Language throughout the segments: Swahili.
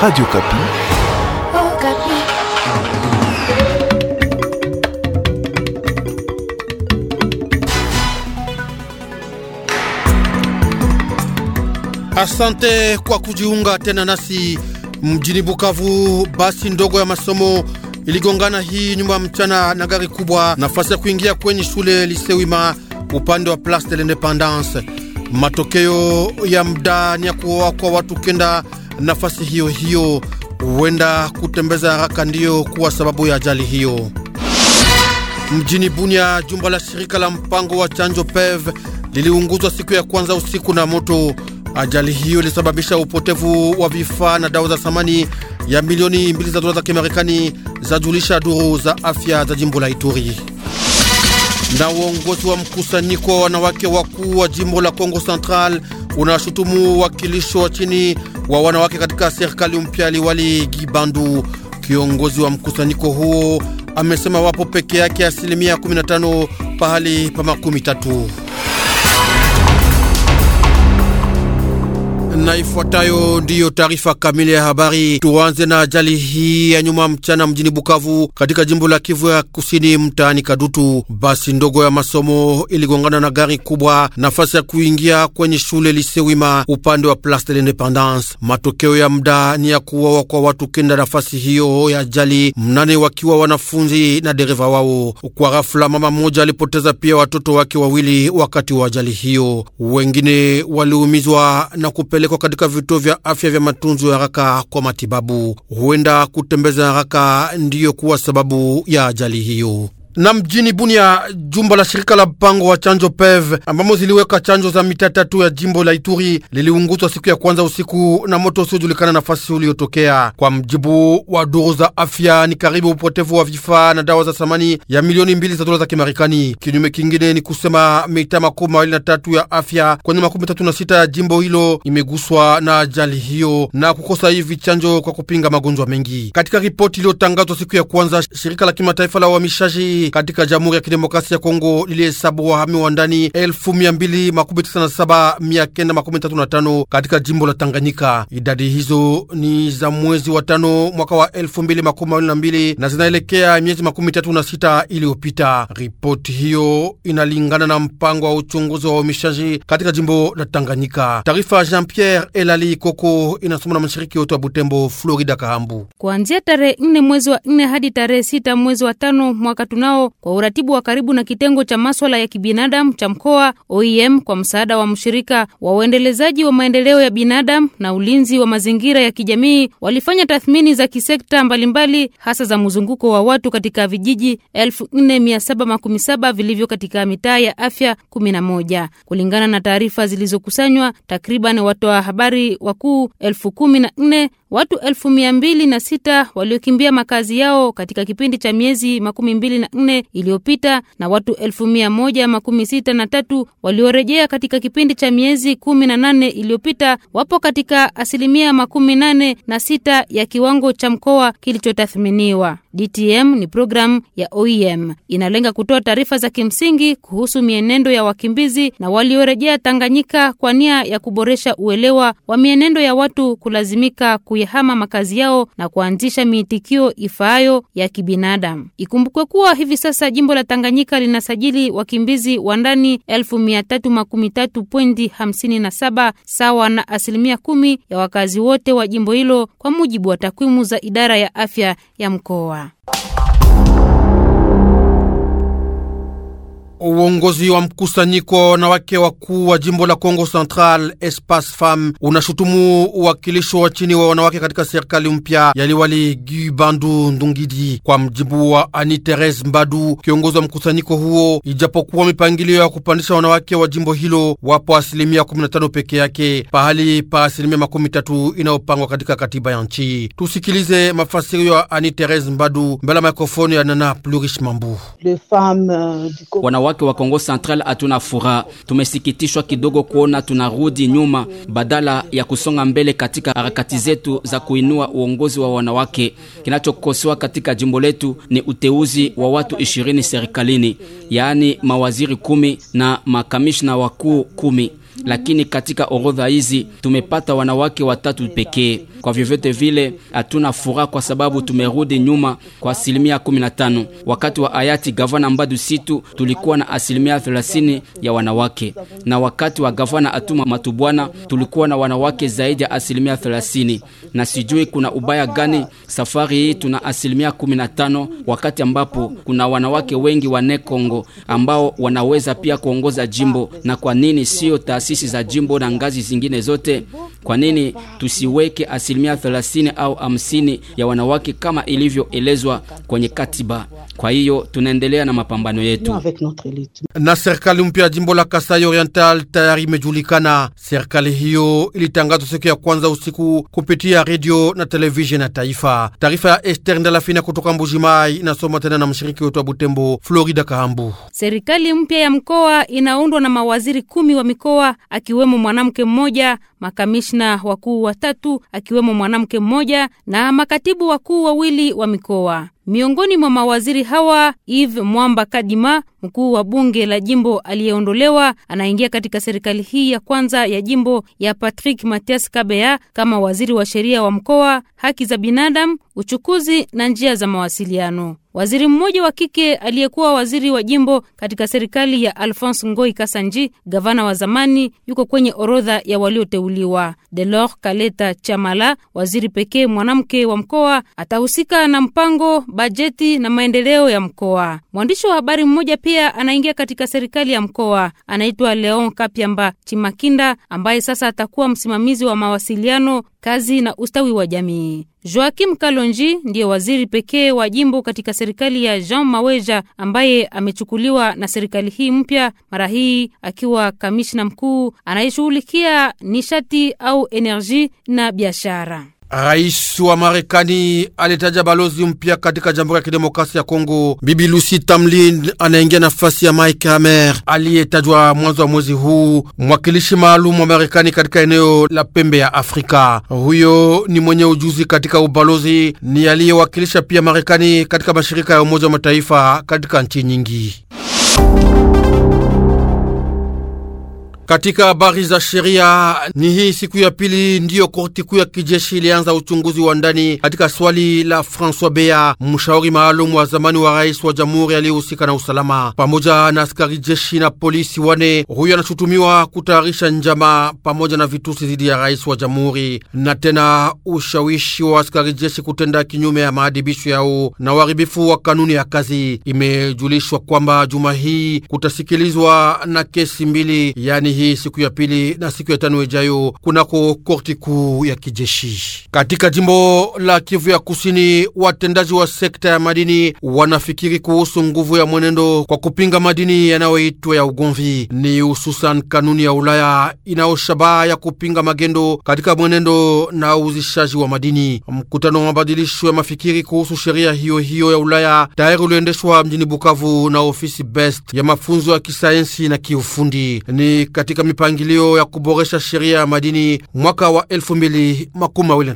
Radio Kapi. Oh, Kapi. Asante kwa kujiunga tena nasi. Mjini Bukavu, basi ndogo ya masomo iligongana hii nyuma ya mchana na gari kubwa, nafasi ya kuingia kwenye shule Lisewima upande wa Place de l'Independance. Matokeo ya mda ni ya kuoa kwa watu kenda nafasi hiyo hiyo, huenda kutembeza haraka ndiyo kuwa sababu ya ajali hiyo. Mjini Bunia, jumba la shirika la mpango wa chanjo PEV liliunguzwa siku ya kwanza usiku na moto. Ajali hiyo ilisababisha upotevu wa vifaa na dawa za thamani ya milioni mbili za dola za Kimarekani, zajulisha duru za afya za jimbo la Ituri. Na uongozi wa mkusanyiko wa wanawake wakuu wa jimbo la Kongo Central unashutumu wakilisho wa chini wa wanawake katika serikali mpya. Liwali Gibandu, kiongozi wa mkusanyiko huo, amesema wapo peke yake asilimia 15 pahali pa makumi tatu. na ifuatayo ndiyo taarifa kamili ya habari. Tuanze na ajali hii ya nyuma mchana mjini Bukavu, katika jimbo la Kivu ya Kusini, mtaani Kadutu. Basi ndogo ya masomo iligongana na gari kubwa nafasi ya kuingia kwenye shule Lisewima upande wa Place de l'Independance. Matokeo ya muda ni ya kuwawa kwa watu kenda nafasi hiyo ya ajali, mnane wakiwa wanafunzi na dereva wao. Kwa ghafula, mama mmoja alipoteza pia watoto wake wawili wakati wa ajali hiyo, wengine waliumizwa na kupele kupelekwa katika vituo vya afya vya matunzo ya haraka kwa matibabu. Huenda kutembeza haraka ndiyo kuwa sababu ya ajali hiyo na mjini Bunia, jumba la shirika la mpango wa chanjo PEV ambamo ziliweka chanjo za mita tatu ya jimbo la Ituri liliunguzwa siku ya kwanza usiku na moto usiojulikana nafasi uliotokea. Kwa mjibu wa duru za afya, ni karibu upotevu wa vifaa na dawa za thamani ya milioni mbili za dola za Kimarekani. Kinyume kingine ni kusema mita makumi mawili na tatu ya afya kwenye makumi tatu na sita ya jimbo hilo imeguswa na ajali hiyo na kukosa hivi chanjo kwa kupinga magonjwa mengi. Katika ripoti iliyotangazwa siku ya kwanza, shirika la kimataifa la uhamishaji katika Jamhuri ya Kidemokrasia ya Kongo lilihesabu wahami wa ndani 297935 katika jimbo la Tanganyika. Idadi hizo ni za mwezi wa tano mwaka wa 2022 na zinaelekea miezi 36 iliyopita. Ripoti hiyo inalingana na mpango wa uchunguzi wa uhamishaji katika jimbo la Tanganyika. Taarifa Jean-Pierre Elali Koko inasoma na mshiriki wetu wa Butembo Florida Kahambu. Kuanzia tarehe 4 mwezi wa 4 hadi tarehe 6 mwezi wa tano mwaka tunao nao kwa uratibu wa karibu na kitengo cha maswala ya kibinadamu cha mkoa OEM kwa msaada wa mshirika wa uendelezaji wa maendeleo ya binadamu na ulinzi wa mazingira ya kijamii walifanya tathmini za kisekta mbalimbali hasa za mzunguko wa watu katika vijiji 4717 vilivyo katika mitaa ya afya 11. Kulingana na taarifa zilizokusanywa, takriban watoa habari wakuu 14 watu elfu mia mbili na sita waliokimbia makazi yao katika kipindi cha miezi makumi mbili na nne iliyopita na watu elfu mia moja makumi sita na tatu waliorejea katika kipindi cha miezi kumi na nane iliyopita wapo katika asilimia makumi nane na sita ya kiwango cha mkoa kilichotathminiwa. DTM ni programu ya OEM inalenga kutoa taarifa za kimsingi kuhusu mienendo ya wakimbizi na waliorejea Tanganyika kwa nia ya kuboresha uelewa wa mienendo ya watu kulazimika kuyahama makazi yao na kuanzisha miitikio ifaayo ya kibinadamu. Ikumbukwe kuwa hivi sasa jimbo la Tanganyika linasajili wakimbizi wa ndani 1313.57 sawa na asilimia kumi ya wakazi wote wa jimbo hilo kwa mujibu wa takwimu za idara ya afya ya mkoa. Bye. Uongozi wa mkusanyiko wa wanawake wakuu wa jimbo la congo Central Espace Fam unashutumu uwakilisho wa chini wa wanawake katika serikali mpya yaliwali Bandu Ndungidi. Kwa mjibu wa Ani Therese Mbadu, kiongozi wa mkusanyiko huo, ijapokuwa mipangilio ya kupandisha wanawake wa jimbo hilo, wapo asilimia 15 peke yake pahali pa asilimia makumi tatu inayopangwa katika katiba ya nchi. Tusikilize mafasirio ya Ani Therese Mbadu mbele ya mikrofoni ya Nana Plurish Mambu wake wa Kongo Central hatuna furaha. Tumesikitishwa kidogo kuona tunarudi nyuma badala ya kusonga mbele katika harakati zetu za kuinua uongozi wa wanawake. Kinachokosewa katika jimbo letu ni uteuzi wa watu ishirini serikalini, yaani mawaziri kumi na makamishna wakuu kumi, lakini katika orodha hizi tumepata wanawake watatu pekee. Kwa vyovyote vile, hatuna furaha kwa sababu tumerudi nyuma kwa asilimia 15. Wakati wa ayati gavana Mbadu Situ tulikuwa na asilimia 30 ya wanawake, na wakati wa gavana Atuma Matubwana tulikuwa na wanawake zaidi ya asilimia 30, na sijui kuna ubaya gani safari hii tuna asilimia 15, wakati ambapo kuna wanawake wengi wa nekongo ambao wanaweza pia kuongoza jimbo. Na kwa nini sio taasisi za jimbo na ngazi zingine zote? Kwa nini tusiweke asilimia asilimia 30 au 50 ya wanawake kama ilivyoelezwa kwenye katiba. Kwa hiyo tunaendelea na mapambano yetu. Na serikali mpya ya jimbo la Kasai Oriental tayari imejulikana. Serikali hiyo ilitangazwa siku ya kwanza usiku kupitia redio na televisheni ya taifa. Taarifa ya Esther Ndalafina kutoka Mbujimai inasoma tena na mshiriki wetu wa Butembo, Florida Kahambu. Serikali mpya ya mkoa inaundwa na mawaziri kumi wa mikoa akiwemo mwanamke mmoja, makamishna wakuu watatu akiwemo akiwemo mwanamke mmoja na makatibu wakuu wawili wa mikoa. Miongoni mwa mawaziri hawa Eve Mwamba Kadima Mkuu wa bunge la jimbo aliyeondolewa anaingia katika serikali hii ya kwanza ya jimbo ya Patrick Mathias Kabea kama waziri wa sheria wa mkoa, haki za binadamu, uchukuzi na njia za mawasiliano. Waziri mmoja wa kike aliyekuwa waziri wa jimbo katika serikali ya Alphonse Ngoi Kasanji, gavana wa zamani, yuko kwenye orodha ya walioteuliwa. Delor Kaleta Chamala, waziri pekee mwanamke wa mkoa, atahusika na mpango, bajeti na maendeleo ya mkoa. Mwandishi wa habari mmoja pia pia anaingia katika serikali ya mkoa. Anaitwa Leon Kapyamba Chimakinda ambaye sasa atakuwa msimamizi wa mawasiliano, kazi na ustawi wa jamii. Joakim Kalonji ndiye waziri pekee wa jimbo katika serikali ya Jean Maweja ambaye amechukuliwa na serikali hii mpya, mara hii akiwa kamishna mkuu anayeshughulikia nishati au enerji na biashara. Rais wa Marekani alitaja balozi mpya katika Jamhuri ya Kidemokrasia ya Kongo, Bibi Lucy Tamlin anaingia nafasi ya Mike Hammer aliyetajwa mwanzo wa mwezi huu mwakilishi maalum wa Marekani katika eneo la pembe ya Afrika. Huyo ni mwenye ujuzi katika ubalozi, ni aliyewakilisha pia Marekani katika mashirika ya Umoja wa Mataifa katika nchi nyingi. Katika habari za sheria ni hii siku ya pili ndiyo korti kuu ya kijeshi ilianza uchunguzi wa ndani katika swali la François Bea, mshauri maalum wa zamani wa rais wa jamhuri aliyehusika na usalama, pamoja na askari jeshi na polisi wane. Huyo anashutumiwa kutayarisha njama pamoja na vitusi dhidi ya rais wa jamhuri na tena ushawishi wa askari jeshi kutenda kinyume ya maadibisho yao na uharibifu wa kanuni ya kazi. Imejulishwa kwamba juma hii kutasikilizwa na kesi mbili yani hii siku ya pili na siku ya tano ijayo kunako korti kuu ya kijeshi katika jimbo la Kivu ya Kusini. Watendaji wa sekta ya madini wanafikiri kuhusu nguvu ya mwenendo kwa kupinga madini yanayoitwa ya ugomvi, ni hususan kanuni ya Ulaya inayoshabaha ya kupinga magendo katika mwenendo na uzishaji wa madini. Mkutano wa mabadilisho ya mafikiri kuhusu sheria hiyo hiyo ya Ulaya tayari uliendeshwa mjini Bukavu na ofisi BEST ya mafunzo ya kisayansi na kiufundi ni katika mipangilio ya kuboresha sheria ya madini mwaka wa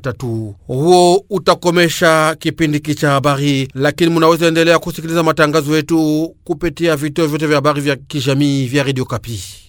tatu. Huo utakomesha kipindi cha habari, lakini munaweza endelea kusikiliza matangazo yetu kupitia vituo vyote vya habari vya kijamii vya Radio Kapi.